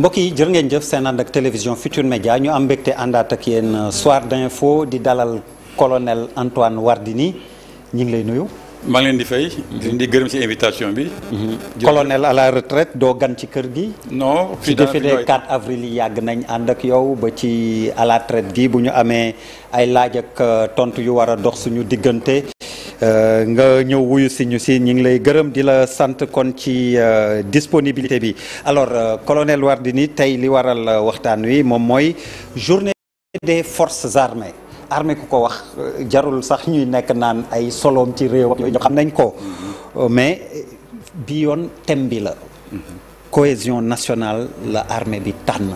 mbokk yi jër ngeen jëf seen ànd ak télévision Futur Média ñu am mbégte àndaat ak yéen euh, soir d'info di dalal colonel Antoine Wardini ñi ngi lay nuyu. maa leen di fay. di gërëm ci invitation bi. Mm-hmm. colonel à la retraite doo gan ci kër gi. non fii daal fi 4 avril yi yàgg nañ ànd ak yow ba ci à la retraite gi bu ñu amee ay laaj ak euh, tontu yu war a dox suñu diggante. Euh, nga ñëw wuyu si ñu si ñu ngi lay gërëm di la sant kon ci euh, disponibilité bi alors euh, colonel Wardini tey li waral waxtaan wi moom mooy journée de forces armées armée ku ko wax jarul sax ñuy nekk naan ay soloom ci réew yooyu xam nañ ko mm-hmm. mais bi yoon thème bi la mm-hmm. cohésion nationale la armée bi tànn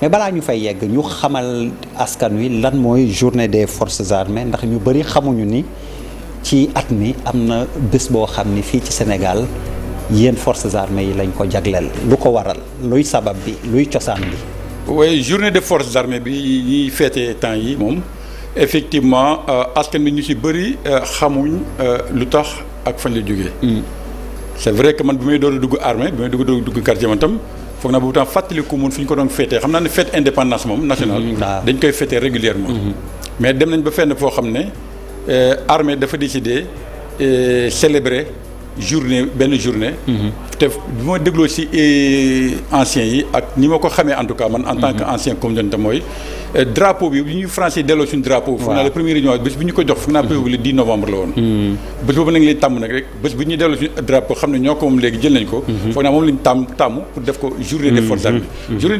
mais balaa ñu fay yegg ñu xamal askan wi lan mooy journée des forces armées ndax ñu bëri xamuñu ni ci at mi am na bés boo xam ni fii ci Sénégal yéen forces armées yi lañ ko jagleel lu ko waral luy sabab bi luy cosaan bi. oui journée de forces armées bi ñuy féetee temps yi moom effectivement euh, askan bi ñu si bëri euh, xamuñ euh, lu tax ak fañ la jógee. Mm. c' est vrai que man bi may doon dugg armée bi may dugg dugg quartier man tam foog naa boobu tam fàttaliku mun fu ñu ko doon féetee xam naa ne fête indépendance moom nationale. Mm, dañ koy féetee régulièrement mm-hmm. mais dem nañ ba fenn foo xam ne. Euh, armée dafa décider euh, célébrer journée benn journée. Mhm. te bu ma dégloo ci euh, anciens yi ak ni ma ko xamee en tout cas man en tant que mhm. ancien commandant mooy drapeau bi bu ñu français delloo suñu drapeau. waaw naa la première réunion bés bu ñu ko jox foog naa prévu mhm. le 10 novembre la woon. bés boobu nag lay tàmm nag rek bés bu ñu delloo suñu drapeau xam ne ñoo ko moom léegi jël nañ ko. foog naa moom lañ tàmm tàmm pour def ko journée des forces armées. journée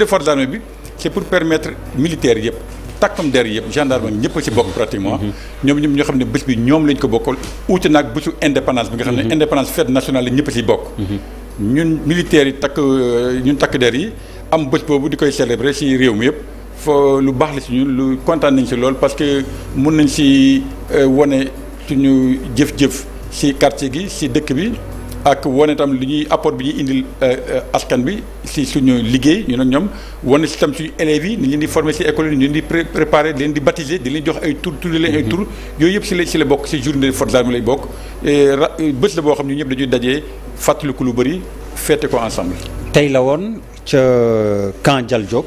yëpp. takkam der yëpp gendarme bi ñëpp a ci bokk pratiquement ñoom ñoom ñoo xam ne bés bi ñoom lañ ko bokkal uute naag bésu indépendance bi nga xam ne mhm. indépendance fête nationale la ñëpp a bokk mhm. ñun militaires yi takk ñun takk der yi am bés boobu di koy célébrer si réew mi yëpp foo lu baax la ci ñun lu kontaan nañ si lool parce que mun nañ ci euh, wane suñu jëf-jëf ci quartier gi ci dëkk bi ak wane tam li ñuy apport bi ñuy indil euh, askan bi si suñu liggéey ñu ne ñoom wane si tam suñu élèves yi ni leen di former si école yi ñu leen di préparer di leen di baptiser di leen jox ay tur tur leen ay mhm. tur yooyu yëpp si la si la bokk si journée forces armées lay bokk bés la boo xam ne ñëpp dañuy dajee fàttaliku lu bëri feete ko ensemble. tey la woon ca camp Dial Diop.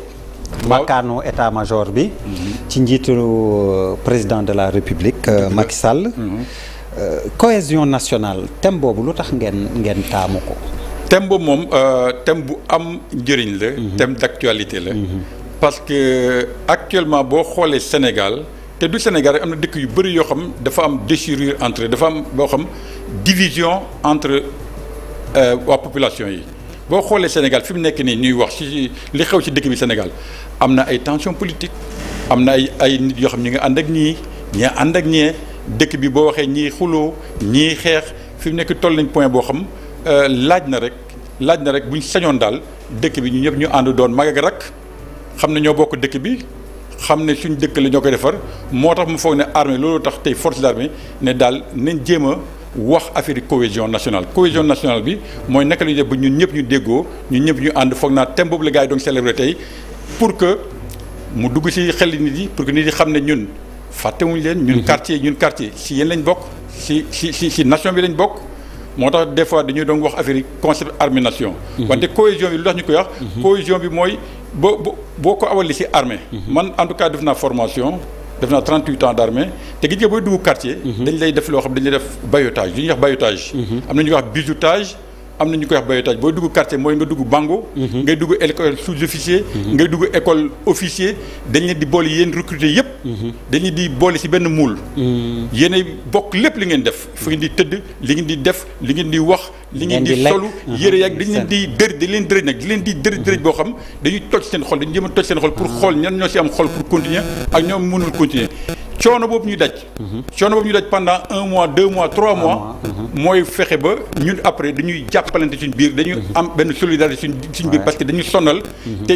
makkaanu état major bi. Mhm. ci njiitu euh, président de la république euh, Macky Sall. Mhm. Euh, cohésion nationale thème boobu lu tax ngeen ngeen taamu ko. thème boobu moom euh, thème bu am njëriñ la. Mhm. thème d'actualité la. Mhm. parce que actuellement boo xoolee Sénégal te du Sénégal am na dëkk yu bëri yoo xam dafa am déchirure entre dafa am boo xam division entre euh, waa population yi. boo xoolee Sénégal fi mu nekk nii ñuy wax ci li xew ci dëkk bi Sénégal am na ay tension politique am na ay ay nit yoo xam ñi nga ànd ak ñii ñee ànd ak ñee. dëkk bi boo waxee ñii xuloo ñii xeex fi mu nekk toll nañ point boo xam euh, laaj na rek laaj na rek bu buñ sañoon daal dëkk bi ñu ñëpp ñu ànd doon mag ak xam ne ñoo bokk dëkk bi xam ne suñ dëkk lañoo koy defar moo tax mu foog ne armée loolu tax tey force d'armée ne daal nañ jéem a wax affaire cohésion nationale cohésion nationale bi mooy naka la ñuy def ba ñun ñëpp ñu déggoo ñun ñëpp ñu ànd foog naa thème boobu la gars yi doon célébré tey pour que mu dugg ci xel nit yi pour que nit yi xam ne ñun fàttewuñ leen. ñun mhm. quartier ñun quartier si yéen lañ bokk si si si nation bi lañ bokk. moo tax des fois dañuy doon wax affaire yi concept armée nation. Mhm. wante cohésion bi lu tax ñu koy yax mhm. cohésion bi mooy bo boo boo ko awali si armée. man en tout cas def na formation. def naa 38 ans d' armée te gis nga booy dugg quartier. dañ lay def loo xam dañ lay def bayotage li ñuy wax bayotage. am na ñuy wax bizutage. am na ñu koy wax bayotage booy dugg quartier mooy nga dugg bango mhm. ngay dugg école sous-officier mhm. ngay dugg école officier dañ leen di boole yéen recruter yëpp mhm. dañ leen di boole si benn muul yéenay bokk lépp li ngeen def fi ngeen di tëdd li ngeen di def li ngeen di wax li ngeen di solu yëre yàgg dañ di dër di leen dërëj nag di leen di dërëj dërëj boo xam dañuy toj seen xol dañu jéem a toj seen xol pour ah. xool ñan ñoo si am xol pour continuer ak ñoom mënul continuer coono boobu ñu daj coono boobu ñu daj pendant un mois deux mois trois mois mooy fexe ba ñun après dañuy jàppalante suñ biir dañu am benn solidarité suñ suñ biir parce que dañu sonal te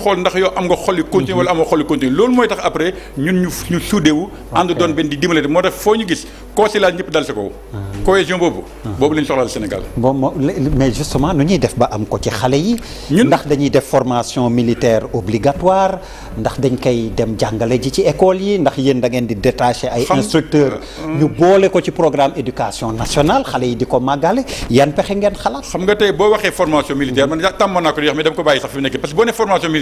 xool ndax yow am nga xoli continue wala amoo xoli continue loolu mooy tax après ñun ñu ñu suudewu ànd doon benn di dimbalante moo tax foo ñu gis koo si laal ñëpp dal sa kaw hmm. cohésion boobu hmm. boobu la ñu Sénégal mais justement nu ñuy def ba am ko ci xale yi ñun ndax dañuy def formation militaire obligatoire ndax dañ koy dem jàngale ji ci école yi ndax yéen da ngeen di détacher ay instructeurs hmm. ñu boole ko ci programme éducation nationale xale yi di ko màggale yan pexe ngeen xalaat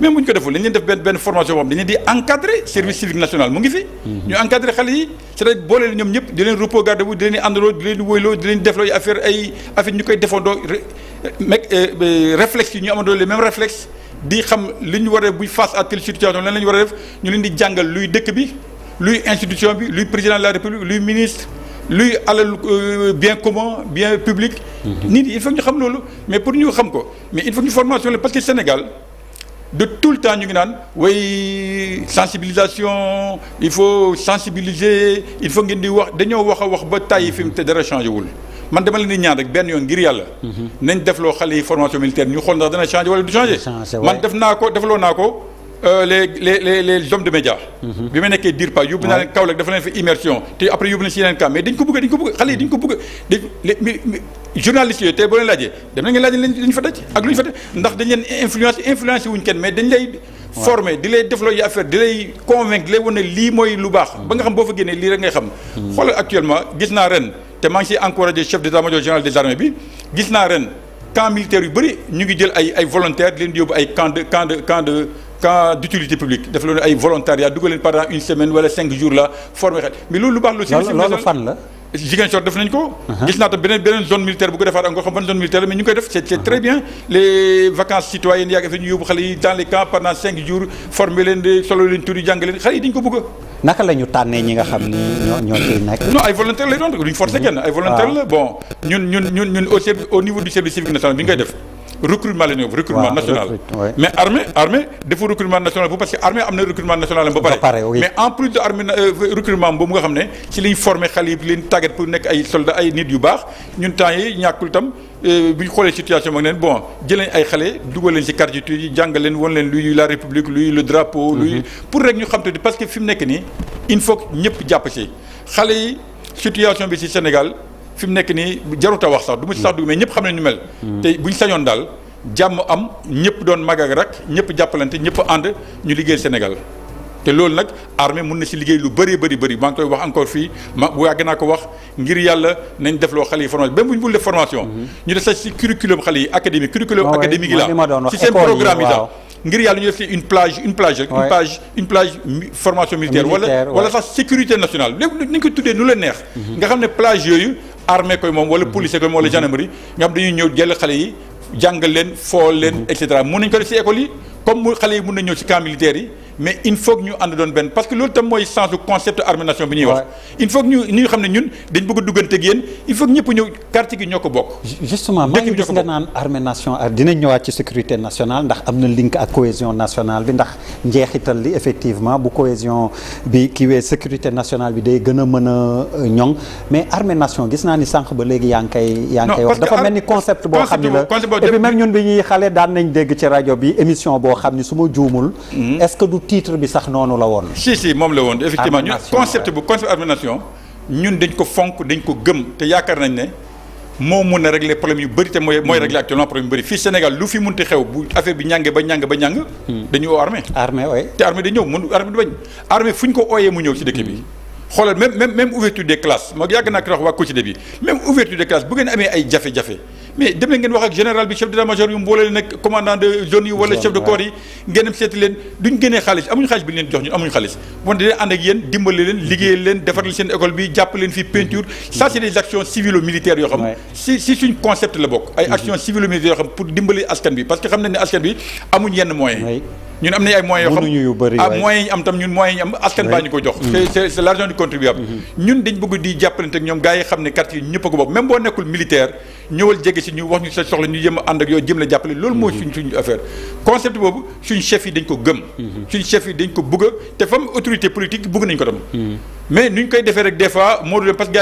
même bu ñu ko deful dañu def benn benn formation boo xam dañu leen di encadrer service civique national mu ngi fi. ñu encadrer xale yi cest à boole leen ñoom ñëpp di leen repos garde bu di leen àndaloo di leen di leen defloo ay ay affaire ñu koy defandoo mec euh, yi ñu amandoo les mêmes réflexes di xam li ñu war a buy war a di jàngal luy dëkk bi luy institution bi luy président de la république luy ministre. luy alal euh, bien commun bien public. Mm-hmm. nit yi il faut ñu xam loolu mais pour ñu xam ko mais il faut ñu formation de tout le temps ñu ngi naan way sensibilisation il faut sensibiliser il faut ngeen di wax dañoo wax a wax ba tàyyi fi mu te dara changé wul man dama leen di ñaan rek benn yoon ngir yàlla. Mhm. nañ def loo xale yi formation militaire ñu xool ndax dana changé wala du changé. man def naa ko defloo naa ko. Euh, les les les les hommes de médias. Mhm. bi ma nekkee DIRPA yóbbu naa leen Kaolack dafa leen fi immersion te après yóbbu nañ si yeneen camp mais dañ ko bëgg dañ ko bëgg xale yooyu tey boo leen laajee dem na ngeen laaj li ñu fa daj ak lu ñu fa ndax dañ leen influence influence wuñ kenn mais dañ lay formé di lay développé yi affaire di lay convaincre di lay wane lii mooy lu baax ba nga xam boo fa génnee lii rek ngay xam mhm. xoolal actuellement gis naa ren te maa ngi siy encouragé chef gis naa ren camp militaire yu bëri ñu ngi jël ay ay volontaires leen di yóbbu ay camp de camp d'utilité publique def leen ay volontariat dugal leen pendant une semaine wala cinq jours la former xel mais loolu lu baax. loolu loolu fan uh-huh. xam ban ñu ngi def c' très uh-huh. bien les vacances citoyennes yaa ngi fi ñu yóbbu xale yi dans les camps pendant cinq jours former leen solo leen tur yi xale yi dañ ko bëgg naka la tànnee ñi nga xam ni ñoo ñoo ciy nekk. non ay volontaire lay doon duñ kenn. ay volontaire uh-huh. bon ñun ñun au service civique national recrutement la ñu recrutement national mais armée armée dafa recrutement national bu parce que armée am na recrutement national ba pare mais en plus de armée euh, recrutement boobu nga xam ne ci liñ formé xale yi leen tàggat pour nekk ay soldats ay nit yu baax ñun temps yi ñàkkul tam euh, bu ñu xoolee situation mag neen bon jëleen ay xale dugal leen ci carte yi jàngal leen won leen luy la république luy le drapeau mhm. luy pour rek ñu xam que fi mu nekk nii il faut ñëpp jàpp ci xale bi ci Sénégal fi mu nekk nii jarut a wax sax du ma sax dugg mais ñëpp xam ne ñu mel. Hmm. te buñ sañoon daal jàmm am ñëpp doon mag ak rak ñëpp jàppalante ñëpp ànd ñu liggéeyal Sénégal. te loolu nag armée mun na ci liggéey lu bëree bëri bëri maa ngi koy wax encore fii ma yàgg naa ko wax ngir yàlla nañ def loo xale yi formation même bu ñu def formation. Hmm. ñu def sax ci curriculum xale yi académique. curriculum académique la ci seen programme yi daal. ngir yàlla ñu def ci une plage wala wala sax sécurité nationale lépp nañ ko tuddee nu la neex. Hmm. nga xam ne armee koy moom wala police koy moom wala mhm. gendarmerie nga xam dañuy ñëw jël xale yi jàngal leen fool leen mhm. et cetera mun nañ ko def si école yi comme mu xale yi mun nañ ñëw ci camp militaire yi mais il faut ñu ànd doon benn parce que loolu tam mooy sens du concept armée nation bi ñuy wax. il faut ñu ñu xam ne ñun dañ bëgg a duggante ak yéen il faut que ñëpp ñëw quartier gi ñoo ko bokk. maa ngi gis nga naan armée nation dina ñëwaat ci sécurité nationale ndax am na link ak cohésion nationale bi ndax njeexital li effectivement bu cohésion bi kiiwee sécurité nationale bi day gën a mën a euh, ñoŋ mais armée nation gis naa ni sànq ba léegi yaa ngi koy. yaa ngi koy wax dafa mel ni concept boo xam ne la et puis même ñun bi ñuy xale daan nañ dégg ci rajo bi émission boo xam ne su ma hmm. titre bi sax noonu la woon. si si moom la woon effectivement ñun concept bu concept armée nation ñun dañ ko fonk dañ ko gëm te yaakaar nañ ne moo mun a régler problème yu bëri te mooy mooy hmm. régler actuellement problème yu bëri fii Sénégal lu fi munti xew bu affaire bi ñàngee ba ñàng ba ñàng. Hmm. dañu woo armée. armée oui te armée dañ ñëw mun armée du bañ armée fu ñu ko ooyee mu ñëw ci dëkk bi. Hmm. xoolal même même même ouverture des classes ma yàgg naa ko wax waa Cotidé bi même ouverture des classes ngeen amee ay jafe mais dem ngeen wax ak général bi chef d'état-major yu mboole leen ak commandant de zone yi wala chef de corps yi ngeen seeti leen duñ génnee xaalis amuñu xaalis bi ñu leen jox ñun amuñu xaalis wante dinañ ànd ak yéen dimbale leen liggéey leen defar leen seen école bi jàpp leen fi peinture mm-hmm. ça c'est des actions civilo militaires yoo xam si si suñ concept la bokk ay mm-hmm. actions civilo militaires yoo xam pour dimbali askan bi parce que xam nañ ne askan bi amuñ ñun am na ay moyens yoo xam mënuñu yu bëri ah moyens yi am tam ñun moyens yi am askan baa ñu ko jox mm-hmm. c'est c'est l'argent du contribuable mm-hmm. ñun dañ bëgg di jàppalante ak ñoom gars xam ne quartier ñëpp a ko bokk même boo nekkul militaire ñëwal jege si ñu wax ñu sa soxla ñu jëm ànd ak yow jëm la jàppale loolu mooy mm-hmm. suñu affaire concept boobu suñ chef yi dañ ko gëm suñ chef yi dañ ko bëgg te fam autorité politique bëgg nañ ko tam mais nuñ koy defee rek des fois moo du parce que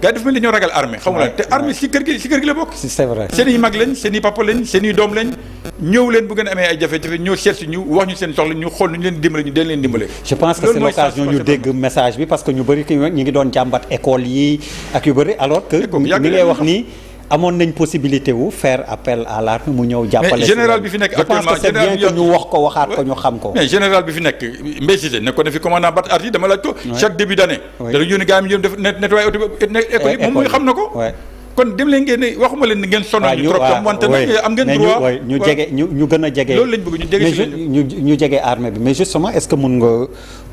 gars daf mel ni ñoo ragal armée xamu la te armée si kër gi si kër gi la bokk c'est vrai seen i mag lañ seen i papa lañ seen i doom lañ ñëw leen bu ngeen amee ay jafe-jafe ñëw seet si ñu wax ñu seen soxla ñu xool nu ñu leen dimbale ñu deen leen dimbale je pense que c'est l'occasion ñu dégg message bi parce que ñu bëri ñu ngi doon jàmbat école yi ak yu bëri alors que ni ngay wax nii amoon nañ possibilité wu faire appel à l'armée mu ñëw jàppale. général bi fi nekk actuellement général bi wax ko waxaat xam ko. mais général bi fi nekk Mbaye Cissé nekkoon na fi commandant Bat Ardi dama laaj ko. chaque début d'année. dana yónni gars yi mu def nettoyer école yi moom muy xam na ko. kon dem leen ngeen waxuma leen ngeen sonal ñu trop tam wante nag am ngeen droit ñu jege ñu ñu gën a jege loolu lañ bëgg ñu jege si ñu ñu jege armée bi mais justement est-ce que mun nga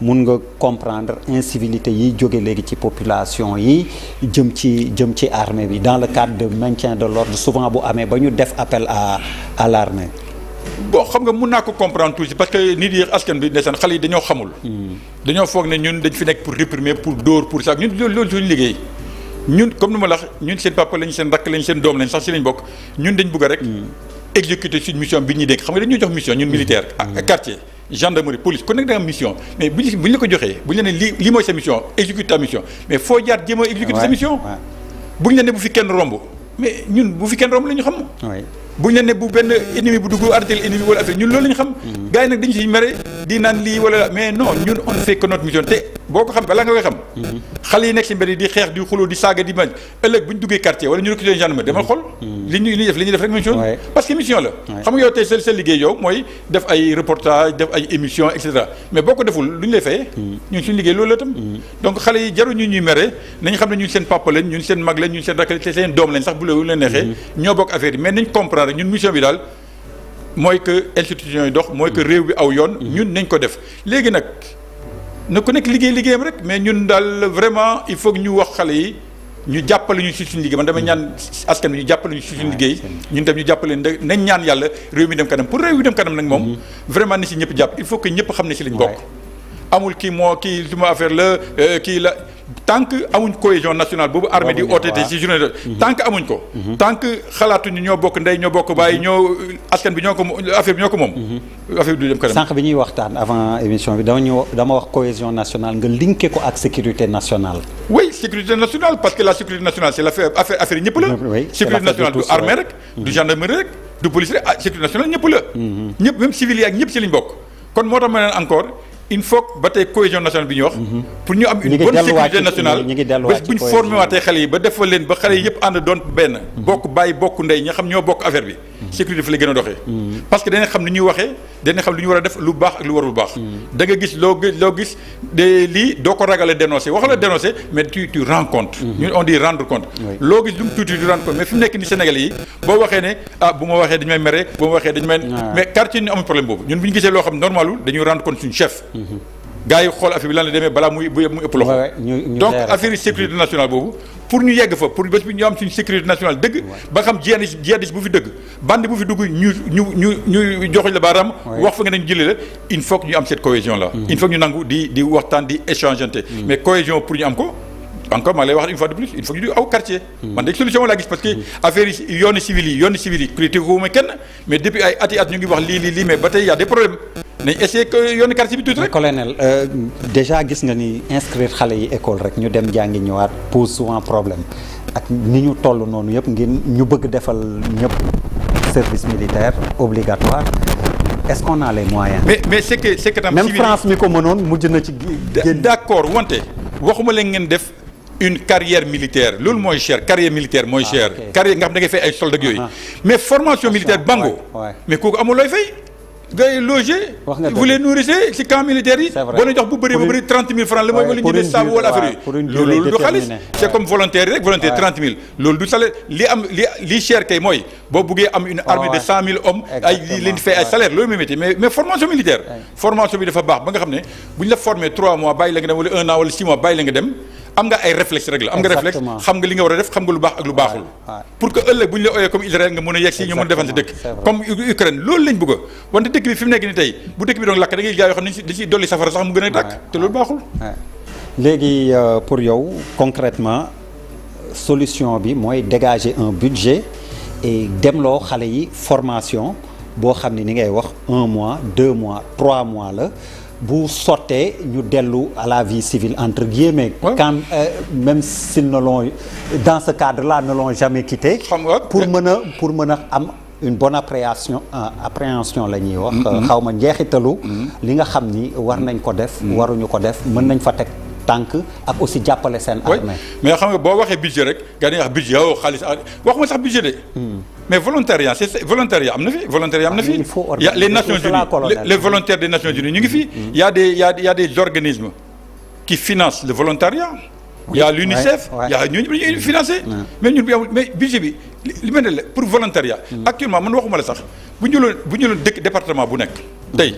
mun nga comprendre incivilité yi jóge léegi ci population yi jëm ci jëm ci armée bi dans le cadre de maintien de l'ordre souvent bu amee ba ñu def appel à à l'armée bon xam nga mun naa ko comprendre tuuti parce que nit yi askan bi ndeysaan xale yi dañoo xamul hmm. dañoo foog ne ñun dañ fi nekk pour réprimer pour dóor pour ça ñun loolu suñu ñun comme ni ma la wax ñun seen papa lañ seen rakk lañ seen doom lañ sax si lañ bokk ñun dañ bëgg rek. exécuter suñ mission bi ñuy dénk xam nga dañuy jox mission ñun militaire. Mm. quartier gendarmerie police ku nekk da mission mais bu ñu la ko joxee bu ñu la ne lii lii mooy sa mission exécuter ta mission mais foo jaar jéem a exécuter sa mission. bu ñu la ne bu fi kenn romb mais ñun bu fi kenn romb la ñu xam. bu ñu la ne bu benn ennemi bu dugg arrêté ennemi wala affaire ñun loolu la xam. Mm. gars yi nag dañu siy mere di naan lii wala mais non ñun on fait que notre mission te boo ko xale yi nekk ci mbedd yi di xeex di xuloo di saaga di bañ ëllëg bu ñu duggee quartier wala ñu recruter gendarme demal xool hmm. li ñu li def li ñuy def rek parce que mission la xam nga yow tey sa sa liggéey yow mooy def ay reportage def ay émission et mais boo ko deful lu ñu lay fayee hmm. ñun suñu liggéey loolu la tam hmm. donc xale yi jaruñu ñu ñuy mere nañ xam ne ñu seen papa lañ ñun seen mag lañ ñun seen rakk lañ seen doom lañ sax bu leen neexee ñoo bokk affaire mooy que institution yi dox mooy que réew bi aw yoon ñun nañ ko def léegi nag ne ku nekk liggéey liggéeyam rek mais ñun daal vraiment il faut ñu wax xale yi ñu jàppale ñu si suñu liggéey man damay ñaan askan bi ñu jàppale ñu si liggéey ñun tam ñu jàppale nañ ñaan yàlla réew mi dem kanam pour réew mi dem kanam nag moom mm-hmm. vraiment ni si ñëpp jàpp il faut que ñëpp xam ne si lañ bokk amul ki moo kii suma affaire la euh, kii la tant que amuñ cohésion nationale boobu armée di oote ci journée de mhm. tant amuñ ko mhm. tant xalaatuñu ñoo bokk ndey ñoo bokk bàyyi mhm. ñoo askan bi ñoo ko affaire bi ñoo ko moom affaire bi ñuy waxtaan avant émission bi dama ñu dama wax cohésion nationale nga linké ko ak sécurité nationale oui sécurité nationale parce que la sécurité nationale c'est l'affaire affaire affaire ñëpp la sécurité nationale du armée rek du gendarmerie rek du police rek ah, sécurité nationale bokk moo tax ma il faut ba tey cohésion nationale bi ñu wax. Mhm. pour ñu am une bonne sécurité nationale ñu ngi delluwaat bu ñu formé waatee xale yi ba defal leen ba xale yi yëpp ànd doon benn. Mhm. bokk bàyyi bokk ndey ña xam ñoo bokk affaire bi. sécurité fa la gën a doxe parce que dana xam li ñuy waxee dana xam lu ñu war a def lu baax ak lu warul baax da nga gis loo loo gis de lii doo ko ragale dénoncé wax la dénoncé mais tu tu rends compte mhm. ñun on dit rendre compte loo gis lu mu tuuti du rendre compte mais fi mu nekk ni Sénégalais yi boo waxee ne ah bu ma waxee dañu may mere bu ma waxee dañu may mais quartier ñu amul problème boobu ñun bu ñu gisee loo xam normalul dañuy rendre compte suñu gars yi xool affaire bi lan la demee balaa muy bu mu ëpp loxo donc affaire sécurité nationale boobu pour ñu yegg fa pour bés bi ñu am suñu sécurité nationale dëgg ba xam jihadis jihadis bu fi dëgg bande bu fi dugg ñu ñu ñu ñu joxuñ la baaraam wax fa nga nañ jëlee la il faut ñu am cette cohésion là mm-hmm. il faut que ñu nangu di di waxtaan di échangeante mm-hmm. mais cohésion pour ñu am ko encore maa lay wax une fois de plus il faut que ñu aw quartier. Hmm. man de solution laa gis parce que hmm. affaire yi civil yi yoonu civil yi critique wu kenn mais depuis at yi at ñu ngi wax lii lii lii mais ba tey y a des problèmes nañ essayer quartier bi tuuti rek. colonel euh, déjà gis nga ni inscrire xale yi école rek ñu dem jàngi ñëwaat pose souvent problème ak ni ñu toll noonu yëpp ngeen ñu bëgg defal ñëpp service militaire obligatoire. est-ce qu'on a les moyens. mais mais c'est que c'est que tam. même France mi ko mënoon mujj na ci. d'accord wante leen ngeen def. une carrière militaire loolu mooy cher carrière militaire mooy ah, cher carrière nga xam da ngay fay ay solde ak yooyu ah, ah. mais formation militaire bango mais kooku amul looy fay ngay loger vous les nourrissez camp militaire yi boo na jox bu bëri bu bëri trente mille francs la mooy wala ñude saabu wala affaire loolu du salaire li am li li cher kay mooy boo buggee am une armée de hommes ay li leen fay ay salaire loolu mooy métier mais formation militaire formation bi dafa baax ba nga xam ne bu ñu la am nga ay réflexe rek la am nga réflexe xam nga li nga war a def xam nga lu baax ak lu baaxul pour que ëllëg bu ñu la ooyee comme Israël nga mën a yegg si ñu mën defante dëkk comme Ukraine loolu lañ bëgg wante dëkk bi fi mu nekk ni tey bu dëkk bi doon lakk da gaa yoo xam ne dañ siy dolli safara sax mu gën a tàkk te loolu baaxul léegi euh, pour yow concrètement solution bi mooy dégager un budget et demloo xale yi formation boo xam ne ni ngay wax un mois deux mois trois mois la bu sottee ñu dellu à la vie civile entre guillemets. Ouais. quand euh, même s'ils ne l'ont dans ce cadre-là ne l'ont jamais quitté. pour mën a pour mën a am une bonne appréhension euh, appréhension la ñuy wax. Mm-hmm. Euh, xaw ma njeexitalu. Mm-hmm. li nga xam ni war nañ ko def. Mm-hmm. waruñu ko def mën nañ fa teg. tànk ak aussi jàppale seen armée mais xam nga boo waxee budget rek gars yi wax budget yow oh, xaalis ah, waxuma sax budget de hmm. mais volontariat c'est volontariat am na fi volontariat am na ah, fi y' a les Nations Unies les volontaires des Nations Unies ñu ngi fi. Hmm. y' a des y' a y' a des organismes qui financent le volontariat. y' a l'UNICEF y' a ñooñu financé. mais ñun bi amul mais budget bi li mel ne la pour volontariat. Hmm. actuellement man waxuma la sax bu ñu jëloon bu ñu jëloon dëkk département bu nekk tey.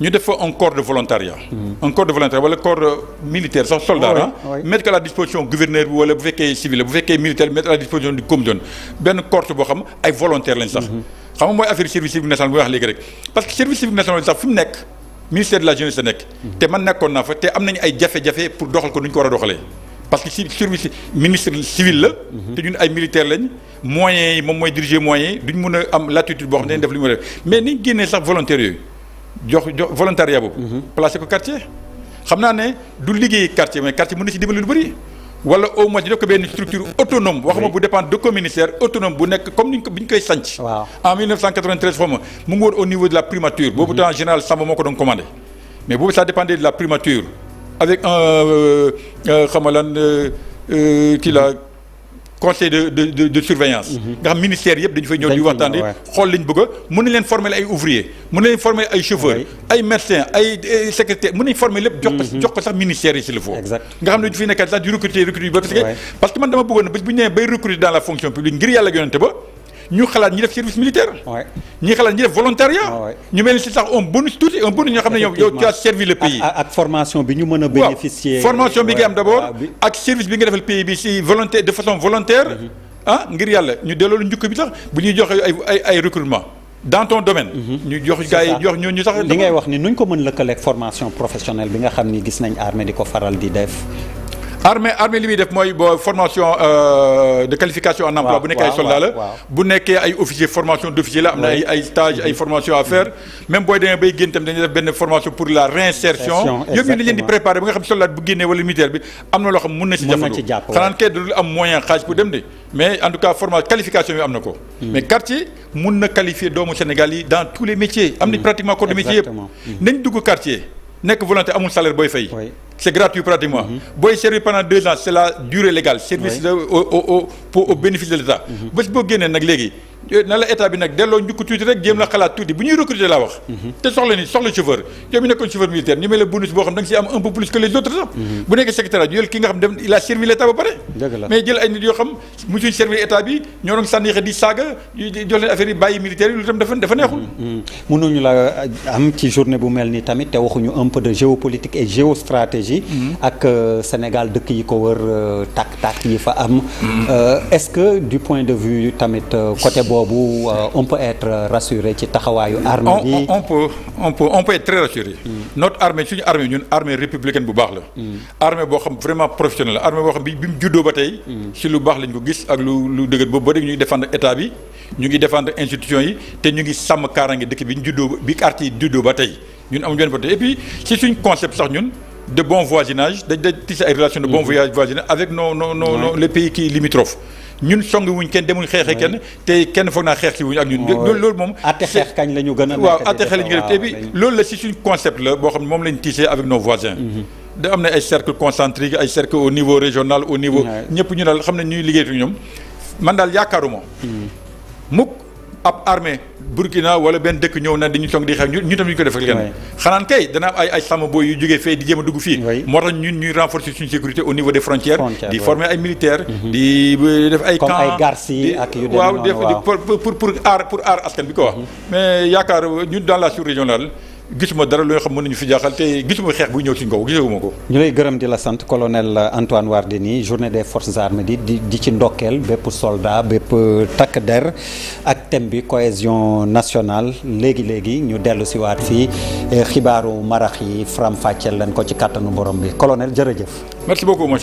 ñu def fa un corps de volontariat. Mm. un corps de volontariat wala corps euh, militaire sax soldat ah. mettre à la disposition gouverneur bi wala bu fekkee civil bu fekkee militaire mettre à la disposition du Comzone benn corps boo xam ay volontaire lañ sax. Mm-hmm. xam nga mooy affaire service civique national bi wax léegi rek parce que service civique national bi sax fi mu nekk ministère de la jeunesse la nekk. Mm-hmm. te man nekkoon naa fa te am nañu ay jafe-jafe pour doxal ko nu ñu ko war a doxalee. parce si service ministre civil la. Mm-hmm. te ay militaire lañ. moyens moom mooy diriger moyens yi duñ mun a am boo xam ne def mais ni ñu sax volontaire yooyu. jox jox volontariat boobu. Mhm. ko quartier. xam naa ne du liggéey quartier mais quartier mën na ci dimbali lu bëri wala au moins def ko benn structure autonome waxuma bu dépendre de communautaire autonome bu nekk comme ni ñu ko bi ñu koy sanc en 1993 xaw ma mu ngi woon au niveau de la primature boobu mhm. temps général Samba moo ko doon commandé mais boobu ça dépendait de la primature avec un xam nga kii la conseil de de de, de surveillance. Mhm. nga xam ministère yëpp dañu fay ñëw di waxtaan di xool liñ bëgg a mën leen former ay ouvrier mën na leen former ay chauffeur ay médecin ay secrétaire mën nañ former lépp jox mhm. jox ko sax ministère yi s'il le faut nga xam ne dañu fiy nekkat sax di recruter recruter ba parce que man dama bëggoon na bés bu ñu nee bay recruter dans la fonction publique ngir yàlla yonente ba ñu xalaat ñu def service militaire. ñi xalaat ñu def volontariat. ñu mel ni si sax un bonus tuuti bu bonus ñoo xam ne yow yow tu as servi pays. ak formation bi ñu mën a bénéficier formation bi nga am d' abord ak service bi nga defal pays bi si volontaire de façon volontaire. Mhm. ah ngir yàlla ñu delloo lu njukk bi sax bu ñuy joxe ay ay ay recrutement. dans ton domaine. Mhm. ñu jox gars yi jox ñu ñu sax. li ngay wax ni nuñ ko mën lëkkaleeg formation professionnelle bi nga xam ni gis nañ armée di ko faral di def. armée armée li muy def mooy bo formation euh, de qualification en emploi bu nekkee ay soldat la bu nekkee ay officier formation d'officier la am na ay ay stage ay formation à faire même booy demee bay génn tam dañuy def benn formation pour la réinsertion yëpp ñu dañ leen di préparer ba nga xam soldat bu génnee wala militaire bi am na loo xam mun na ci jafandu xanaan kay dul am moyen xaalis pour dem de mais en tout cas formation qualification bi am na ko hmm. yi dans tous les métiers am na hmm. pratiquement corps de métier c'est gratuit pratiquement. Mm-hmm. booy servir pendant deux ans c'est la durée légale. service de au bénéfice de l'État. Mm-hmm. bés boo génnee nag léegi. Euh, na la bi nag delloo njukk tuuti rek jéem la xalaat tuuti bu ñuy recruter laa wax mm-hmm. te soxla ni soxla chauffeur yow mi nekkoon chauffeur militaire ñu may la bonus boo xam da si am un peu plus que les autres bu nekkee secrétaire ñu jël ki nga xam dem il a servi l'état ba pare mais jël ay nit yoo xam musuñ servir ci mm-hmm. ak euh, Sénégal dëkk yi ko wër euh, tàkk-tàkk yi fa am mm-hmm. euh, est-ce que du point de vue tamit côté boobu on peut être rassuré ci taxawaayu armée bi on peut on peut on peut être très rassuré mm. notre armée suñu armée ñun armée républicaine bu baax la mm. armée boo xam vraiment professionnelle armée boo xam bi bi mu juddoo ba tey si mm. lu baax lañ ko gis ak lu lu dëgër boobu ba dégg ñu ngi défendre état bi ñu ngi défendre institution yi te ñu ngi sàmm kaaraange dëkk bi ñu juddoo bi quartier yi juddoo ba tey ñun amuñu benn problème ñun de bon voisinage dañ dañ tisse ay relations de bon mhm. voisinage avec nos nos nos les pays qui limitrophes ñun song wuñ kenn demuñ xeexee kenn te kenn foog naa xeex ci wuñ ak ñun loolu moom atte xeex kañ la ñu gën a waaw atte xeex la ñu te bi loolu la si suñ concept la boo xam ne moom lañ tissé avec nos voisins mhm. da am na ay cercle concentrique ay cercle au niveau régional au niveau ñëpp ñu daal xam ne ñuy liggéeytu ñoom man daal yaakaaruma mhm. mukk ab armée Burkina wala benn dëkk ñëw na dañu toog di xew ñu tam ñu ko def ak leen xanaan kay dana am ay ay sàmm booy yu jógee fee di jéem a dugg fii moo tax ñun ñuy renforcer suñu sécurité au niveau des frontières di former ay militaires mhm. di def ay camp ay garci ak yu waaw def pour pour aar pour aar askan bi ko wax mhm. mais yaakaar ñun dans la sous-région gisuma dara lu nga xam mën ñu fi jaaxal te gisuma xeex buy ñëw ci ngaw gisuma ko. ñu lay gërëm di la sant colonel Antoine Wardini journée des forces armées di di ci ndokkeel bépp soldat bépp takk der ak thème bi cohésion nationale léegi léegi ñu dellu si waat fii eh, xibaaru marax yi faram fàcceel leen ko ci kàttanu borom bi colonel jërëjëf. merci beaucoup mon